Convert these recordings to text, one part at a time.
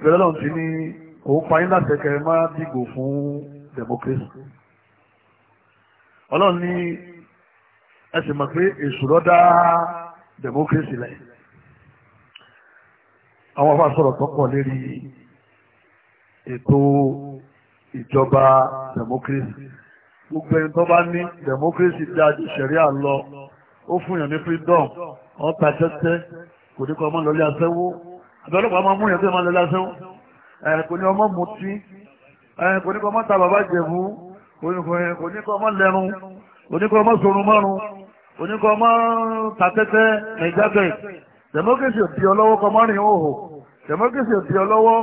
ìrẹ́lẹ́ lọ́n ti ní òun pa yín láti ẹ̀kẹ́ dìgbò fún democracy ọlọ́run ní ẹ mọ̀ pé èṣù ló dá democracy lẹ̀ àwọn afá sọ̀rọ̀ tó pọ̀ lérí ètò ìjọba democracy gbogbo ẹni tó bá ní democracy dájú ṣẹ̀ríà lọ ó fún yàn ní freedom ọ̀tá tẹ́tẹ́ kò ní kọ́ ọmọ lọ́lé aṣẹ́wó àtọ́lọ́pàá máa mú yẹn tó máa lọ lásán kò ní ọmọ mutí kò ní kọ́ ọmọ ta bàbá jẹ̀bú kò ní kọ́ ọmọ lẹ́run kò ní kọ́ ọmọ sọ̀rùn márùn kò ní kọ́ ọmọ tàtẹ́tẹ́ ẹ̀jábẹ̀ democracy òbí ọlọ́wọ́ kọ́ ọmọ rìn òhò democracy òbí ọlọ́wọ́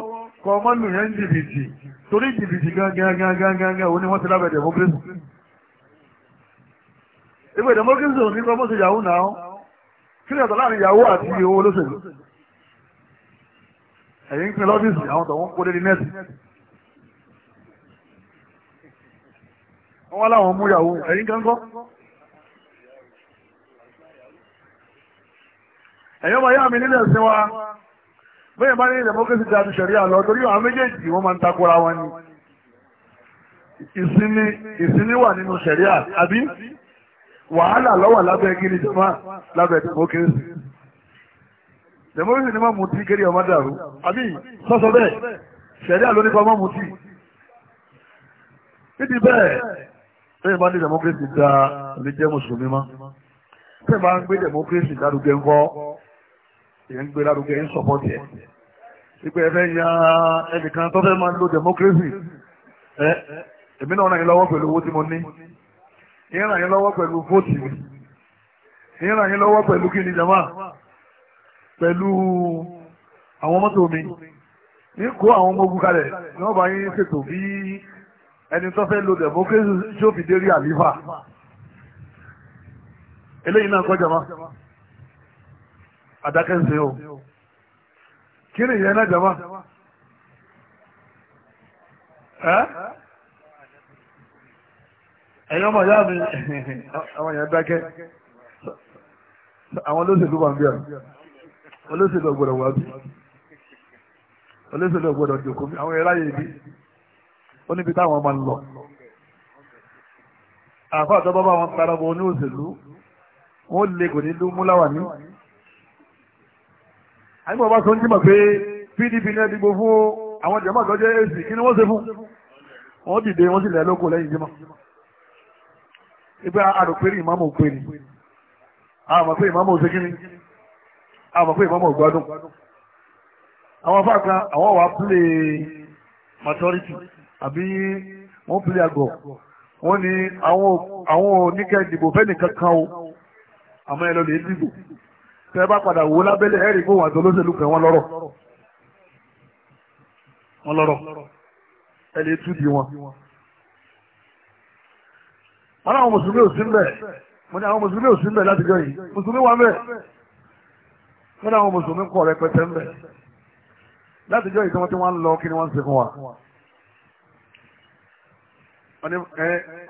kọ́ ọmọ lù yẹn jìbìtì torí jìbìtì gángangangangan òní wọ́n ti lábẹ́ democracy ìgbẹ́ democracy òní kọ́ ọmọ sí yahoo náà kí ni ọ̀tọ̀ láàrin yahoo àti owó olóṣèlú ẹ̀yìn pín lọ́fíìsì àwọn tó wọ́n kó dédé nẹ́ẹ̀sì wọ́n wá láwọn mú ìyàwó ẹ̀yìn gángọ́ ẹ̀yọ́ máa yá mi nílẹ̀ sí wa bẹ́ẹ̀ bá ní democracy ti àti ṣẹ̀rí àlọ́ torí àwọn méjèèjì wọ́n máa ń takora wọn ni ìsinmi ìsinmi wà nínú ṣẹ̀rí àbí wàhálà lọ́wọ́ lábẹ́ gíní jọba lábẹ́ democracy tẹ̀mọ́rìsì ni má mú tí kéré ọmọ dàrú àbí sọ́sọ bẹ́ẹ̀ ṣẹ̀rí àlónípa má mú tí níbi bẹ́ẹ̀ lẹ́yìn bá ní democracy da ní jẹ́ mùsùlùmí má tẹ́yìn bá ń gbé democracy lárugẹ ńkọ́ èyí ń gbé lárugẹ ń sọpọ́tì ẹ̀ ìpè ẹ̀fẹ́ ya ẹnìkan tó fẹ́ máa lo democracy ẹ èmi náà ràn yín lọ́wọ́ pẹ̀lú owó tí mo ní ìyẹn ràn yín lọ́wọ́ pẹ̀lú vóòtì ìyẹn ràn yín lọ́wọ́ pẹ̀lú kí ni jama pẹ̀lú àwọn mọ́tò mi ní kó àwọn ọmọ ogun kalẹ̀ ní wọ́n bá yín ṣètò bí ẹni tó fẹ́ lo democracy yóò fi dérí àlífà eléyìí náà kọjá ma àdákẹ́sẹ̀ o kí ni ìyẹn náà jama ẹ́ ẹ̀yọ́ mọ̀ yá mi àwọn èèyàn dákẹ́ àwọn olóṣèlú wà ń bí ọ̀rọ̀ olóṣèlú ọgbọ́dọ̀ wà bí olóṣèlú ọgbọ́dọ̀ jòkó bí àwọn ẹ̀rá yìí bí ó níbi táwọn máa ń lọ àfọ àtọ́bọ́ bá wọn parọ́ bọ́ ní òṣèlú wọ́n lè kò ní lú múláwà ní. àyíkọ́ bá sọ ń jímọ̀ pé PDP ní ẹ̀dìgbò fún àwọn jẹ̀mọ́ àtọ́jẹ́ AC kí ni wọ́n ṣe fún wọ́n dìde wọ́n sì lẹ̀ lóko lẹ́yìn jímọ̀ ibà àròpé ìmáàmù òpè ni àwọn àmọ̀ pé ìmáàmù òṣèkíní àmọ́ pé ìmọ̀mọ̀ gbádùn àwọn afáàkà àwọn wà pílè maturity àbí wọ́n pílè àgọ̀ wọ́n ní àwọn oníkẹ́ ìdìbò fẹ́ nìkan kan o àmọ́ ẹ lọ lè dìbò tẹ́ bá padà wò lábẹ́lẹ̀ ẹ̀rí kó wà tó lóṣèlú kan wọ́n lọ́rọ̀ wọ́n lọ́rọ̀ ẹ lè tú di wọn. wọ́n ní àwọn mùsùlùmí ò sí ń bẹ̀ wọ́n ní àwọn mùsùlùmí ò sí ń bẹ̀ láti gbẹ̀yìn mùsùlùmí wà ń bẹ̀ wọ́n láwọn mùsùlùmí kọ̀ rẹpẹtẹ ń bẹ̀ láti jọ ìtọ́wọ́ tí wọ́n ń lọ kí ni wọ́n ń ṣe fún wa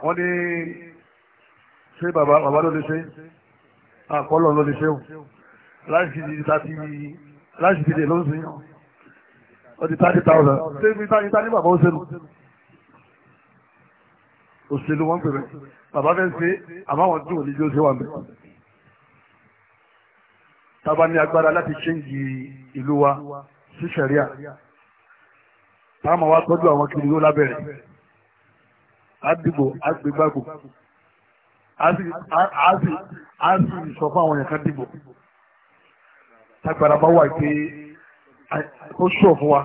wọ́n ní ṣé bàbá bàbá ló lè ṣe àkọlọ̀ ló lè ṣe o láti di tàbí láti di dè ló ń sìn yàn ó di thirty thousand ṣé ibi tá ní bàbá ó ṣe nù òṣèlú wọn pè bẹ bàbá fẹ́ ṣe àbáwọn tí ò ní jó ṣe wà mẹ́ tába ní agbára láti ṣéǹgì ìlú wa sí ṣẹ̀ríà táwọn wa tọ́jú àwọn kiri yóò lábẹ́rẹ̀ àdìgbò àgbégbàgbò a sì sọ fún àwọn èèyàn dìbò tágbára bá wà pé ó sọ fún wa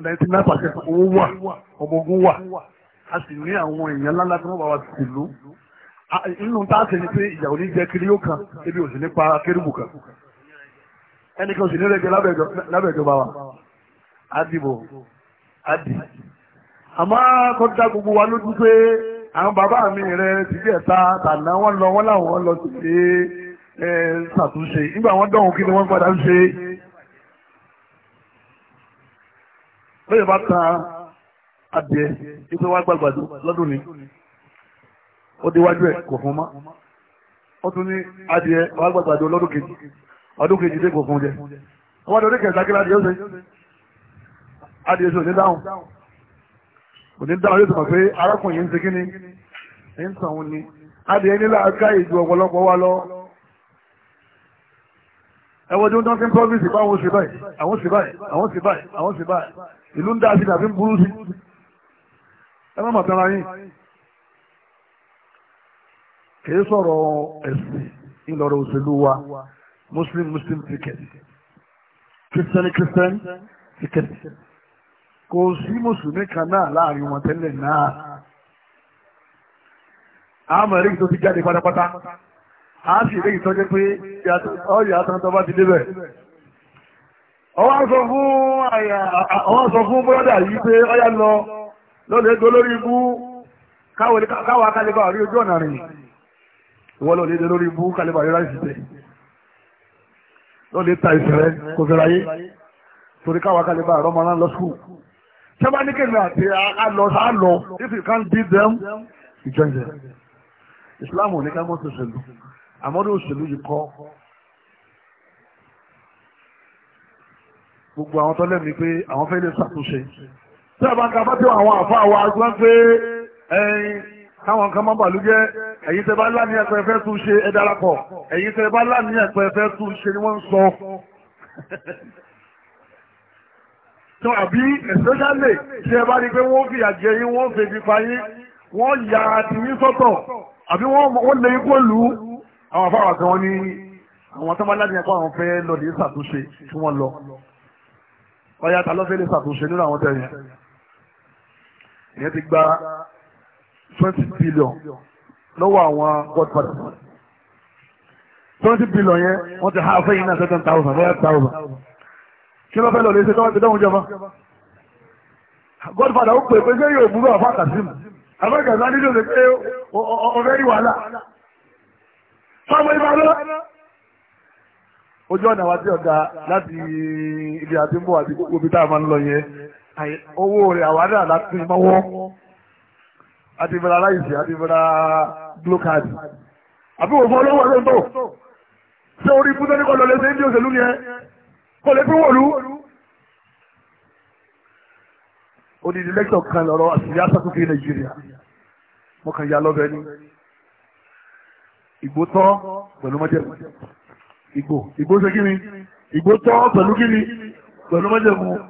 ninety nine percent owó wà ọmọ ogun wà a sì ní àwọn èèyàn ńláńlá tí wọ́n bá wa tìlú nínú tá a sì ní pé ìyàwó ní jẹ́ kiri yóò kan ebi ò sì ní pa kérúbù kan ẹnìkan sì nílẹ̀ jẹ́ lábẹ́jọba wa àdìbò àdì àmọ́ kó dá gbogbo wa lójú pé àwọn bàbá mi rẹ ti jẹ́ ta tànà wọ́n lọ wọ́n láwọn lọ sí pé ẹ ṣàtúnṣe nígbà wọ́n dọ̀hún kí ni wọ́n padà ń ṣe lóye bá tan adìẹ ipe wá gbàgbàdo lọ́dún ni ó déwájú ẹ̀ kò fún ó tún ní adìẹ wá gbàgbàdo lọ́dún kejì ọdún kejì dé kò fún jẹ ọwọ́ lórí kẹta kí ládìí ó ṣe adìyẹ sí òní dáhùn òní dáhùn yóò sọ pé arákùnrin ń ṣe kí ni ń sàn òun ni adìyẹ nílà ká ìjù ọ̀pọ̀lọpọ̀ wa lọ ẹwọ́n tí wọ́n tán sí province pa àwọn òṣìbáì àwọn òṣìbáì àwọn òṣìbáì àwọn òṣìbáì ìlú ń dá sí tàbí ń burú sí ẹ má màtara yín kì í sọ̀rọ̀ ẹ̀sìn ìlọ̀rọ̀ òṣèlú wa مسلم مسلم ticket christian christian ticket kò sí mùsùlùmí kan náà láàrin wọn tẹ́lẹ̀ náà àmọ́ èrè tó ti jáde pátápátá a sì أو tó jẹ́ pé ọyọ àtàntọ́ bá ti débẹ̀ ọwọ́ sọ fún bọ́dà yìí pé ọyá lọ lọ́lẹ̀ ègbò lórí ibú káwọ̀ akálẹ́bà rí ojú ọ̀nà rìn ìwọ́lọ́lẹ̀ lórí ibú kálẹ́bà rí ráìsì tẹ̀ ló lè ta ìsìnrẹ́ kò fẹ́ ráyé torí káwa kálí bá àrọ́ máa ń lọ skul sábà ní kékeré àti àlọ́ àlọ́ if you can't beat them you join them Islam ò ní ká mọ́ sòṣèlú àmọ́dé òṣèlú yìí kọ́ gbogbo àwọn tó lẹ́mìí pé àwọn fẹ́ lè ṣàtúnṣe tí a bá ń ka bá tí àwọn àfa àwọn agbọ́n pé ẹyin káwọn kan má bàlú jẹ́ ẹ̀yin tẹ́ bá láàní ẹ̀pẹ́ fẹ́ tún ṣe ẹ darapọ̀ ẹ̀yin tẹ́ bá láàní ẹ̀pẹ́ fẹ́ tún ṣe ni wọ́n ń sọ. tó àbí especially tí ẹ bá rí i pé wọ́n fìyà jẹ yín wọ́n fèjì pa yín wọ́n ya àtìyín sọ́tọ̀ àbí wọ́n lè kó lù ú àwọn afáwà kan ní àwọn tó bá láàní ẹ̀pẹ́ àwọn fẹ́ lọ lè ṣàtúnṣe tí wọ́n lọ. ọ̀yà ta ló fẹ́ lè ṣàtúnṣe nínú àwọn tẹ̀yìn ìyẹn ti gba twenty billion lọ́wọ́ àwọn godfather twenty billion yẹn wọ́n ti ha fẹ́yìn náà seven thousand five thousand kí ló fẹ́ lọ lè ṣe tọ́wọ́ ti dáhùn jọba godfather ó pè pé ṣé yóò burú àfa kazeem afẹ́kẹ̀sán nílò lè pé ọ̀rẹ́ rí wàhálà fáwọn ibà lọ́wọ́ ojú ọ̀nà wa tí ọ̀gá láti ibi àti mbọ̀ àti gbogbo ibi tá a máa ń lọ yẹn owó rẹ̀ àwádà láti mọ́wọ́ àti ìbẹ̀rẹ̀ aláìsí àti ìbẹ̀rẹ̀ glókàdì àbí òfin olówó ẹ̀rọ tó ṣé orí ibùdó ní kọlọ lẹ́sẹ̀ ní òṣèlú ni ẹ kò lè fi wòlú. odidi lẹ́kítọ̀ kan lọ́rọ̀ àṣìyá sátúkì nàìjíríà mo kàn ya lọ́bẹ̀ ni ìgbó tọ́ pẹ̀lú mọ́jẹ̀mú ìgbó ìgbó ṣe kí ni ìgbó tọ́ pẹ̀lú kí ni pẹ̀lú mọ́jẹ̀mú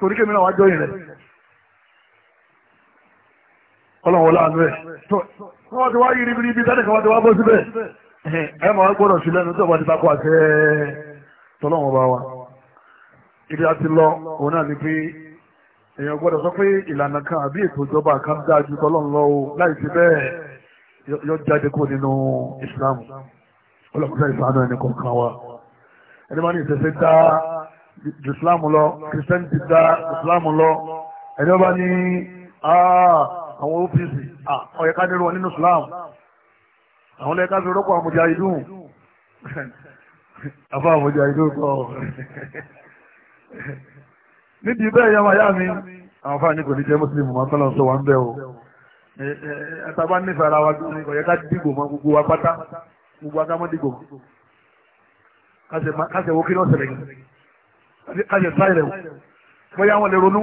torí kémi náà wá jọyìn rẹ̀ ọlọ́wọ́ láàánú ẹ̀ tó wọ́n ti wá yí ribiribi tẹ́lẹ̀ kan wá ti wá bọ́ síbẹ̀ ẹ máa wá gbọ́dọ̀ wa ibi a ti lọ òun náà ni pé èèyàn gbọ́dọ̀ sọ pé ìlànà kan àbí ètò ìjọba kan dájú tọ́lọ́n lọ o láì sí bẹ́ẹ̀ yọ jáde kó nínú Islam ọlọ́pàá ìfàánú ẹni kọ̀ọ̀kan wa ẹni máa ní ìfẹ́fẹ́ dá islam lọ christian ti dá islam lọ ẹni ọba ní ah, àwọn ọ́fíìsì ọ̀yẹ̀ká nírú wọn nínú islam àwọn lẹ́ka fi rọ́pò àmújá ìdún afọ àmújá ìdún kọ́ níbi bẹ́ẹ̀ yá máa yá mi àwọn fáàní kò ní jẹ́ muslim máa tọ́lọ̀ sọ wà ń bẹ̀ o ẹ̀ẹ́dàbá nífẹ̀ẹ́ ara wa ní ọ̀yẹ́ká dìgbò mọ́ gbogbo wa pátá gbogbo agámọ́ dìgbò mọ́ kásẹ̀ wo kí lọ́sẹ̀ rẹ̀ yìí káyọ̀ sáì rẹ̀ bóyá wọn lè ronú.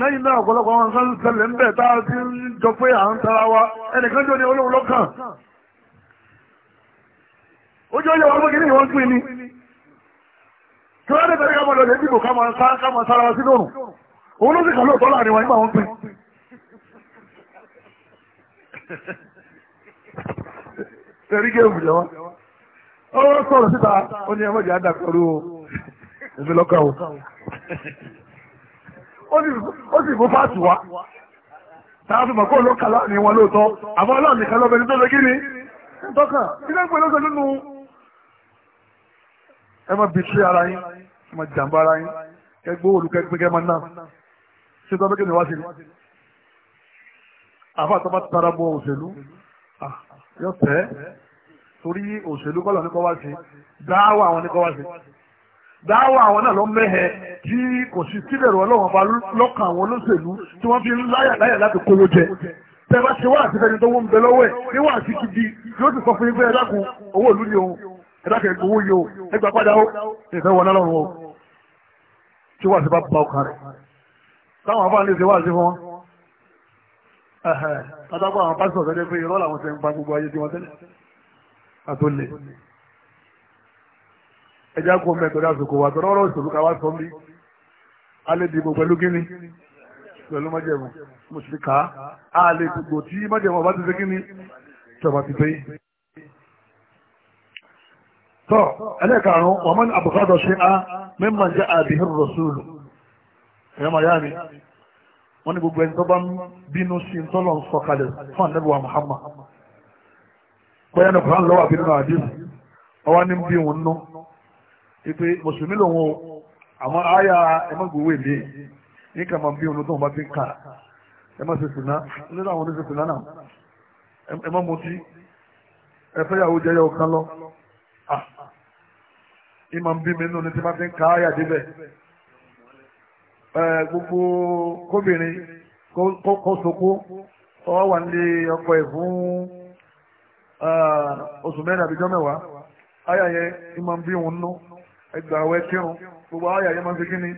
lẹ́yìn náà ọ̀pọ̀lọpọ̀ àwọn sáré ṣẹlẹ̀ ń bẹ̀ tá a ti ń jọ pé à ń tara wa ẹnìkan jọ ní olóhùn lọ́kàn. ojú ọjọ́ wa gbọ́dọ̀ ní ìwọ́n pín ni. kí wọ́n dé tẹ̀lé ká máa lọ lè dìbò ká máa sára wa sí lóòrùn. òun ló sì kà lóòótọ́ láàrin wa nígbà wọn pín. Tẹ̀rí gé òmùdẹ̀ wa ọwọ́ sọ̀rọ̀ síta ó ní ẹmọ́jì àdàkọrú o ìfìlọ́kà o ó sì fún fáàtì wa tààfù mọ̀kó ló kà láàrin wọn lóòótọ́ àmọ́ ọlọ́run nìkan lọ́bẹ̀ ní tó lọ gíní tọ́kà ilé ń pè lọ́sọ̀ nínú ẹ má bìtì ara yín ẹ má jàǹbá ara yín kẹgbó olùkẹgbẹgẹ máa ná ṣé tọ́ bẹ́kẹ́ ni wá sí ni àfa àtọ́ bá tara bọ òṣèlú ah, yọ tẹ́ torí òṣèlú kọ́lọ̀ ní kọ́ wá sí dáwà àwọn ní kọ́ wá sí dáwà àwọn náà lọ mẹ́hẹ tí kò sí síbẹ̀rù ọlọ́wọ́n bá lọ́kàn àwọn olóṣèlú tí wọ́n fi ń láyà láti kówó jẹ tẹ́lá ṣe wá àti fẹ́ni tó wọ́n bẹ lọ́wọ́ ẹ̀ níwọ̀n àti gidi yóò ti sọ fún yín pé ẹ owó ìlú ni òun ẹ dákun ẹ gbowó yìí o ẹ gbà padà o ẹ fẹ́ wọn lọ́rùn o tí wọ́n àti bá ba ọkàn rẹ̀ táwọn afáàní ṣe wá àti fún wọn. adágbà àwọn pásítọ̀ fẹ́ dé pé irọ́ làwọn ti ń pa gbogbo ayé tí wọ́n tẹ́lẹ̀. atolle, ẹjá kó mẹ́tọ̀ ní àsìkò wà tọ́rọ a lè dìbò pẹ̀lú kíni pẹ̀lú májẹ̀mú mo sì a lè ti ṣe kíni tọba ti pé. tọ́ ẹlẹ́karùn-ún wọ́n mọ́ni àbùkádọ̀ ṣe á mẹ́mà jẹ́ àbíhìn rọ̀ṣúlù ẹ̀yọ́ gbogbo ẹni Muhammad bóyá ní kùrán lọ́wọ́ àbí nínú àdìsí ọwọ́ ní bí òun nú ipe mùsùlùmí lòun o àmọ́ àyà ẹ̀mọ́gbòwò èlé ní kàmá bí òun tó bá ti ń kà ẹ̀mọ́ sì sùnà nínú àwọn oníṣẹ́ sùnà náà lọ ìmọ̀ bí mi nínú tí wọ́n ń débẹ̀ gbogbo kóbìnrin kó sokó ọwọ́ wà Ah, oṣù mẹ́rin àbíjọ́ mẹ́wàá àyà ìmọ̀ bí wọn nú ẹgbàá wẹ́ kírun gbogbo àyà máa ń fi kí ni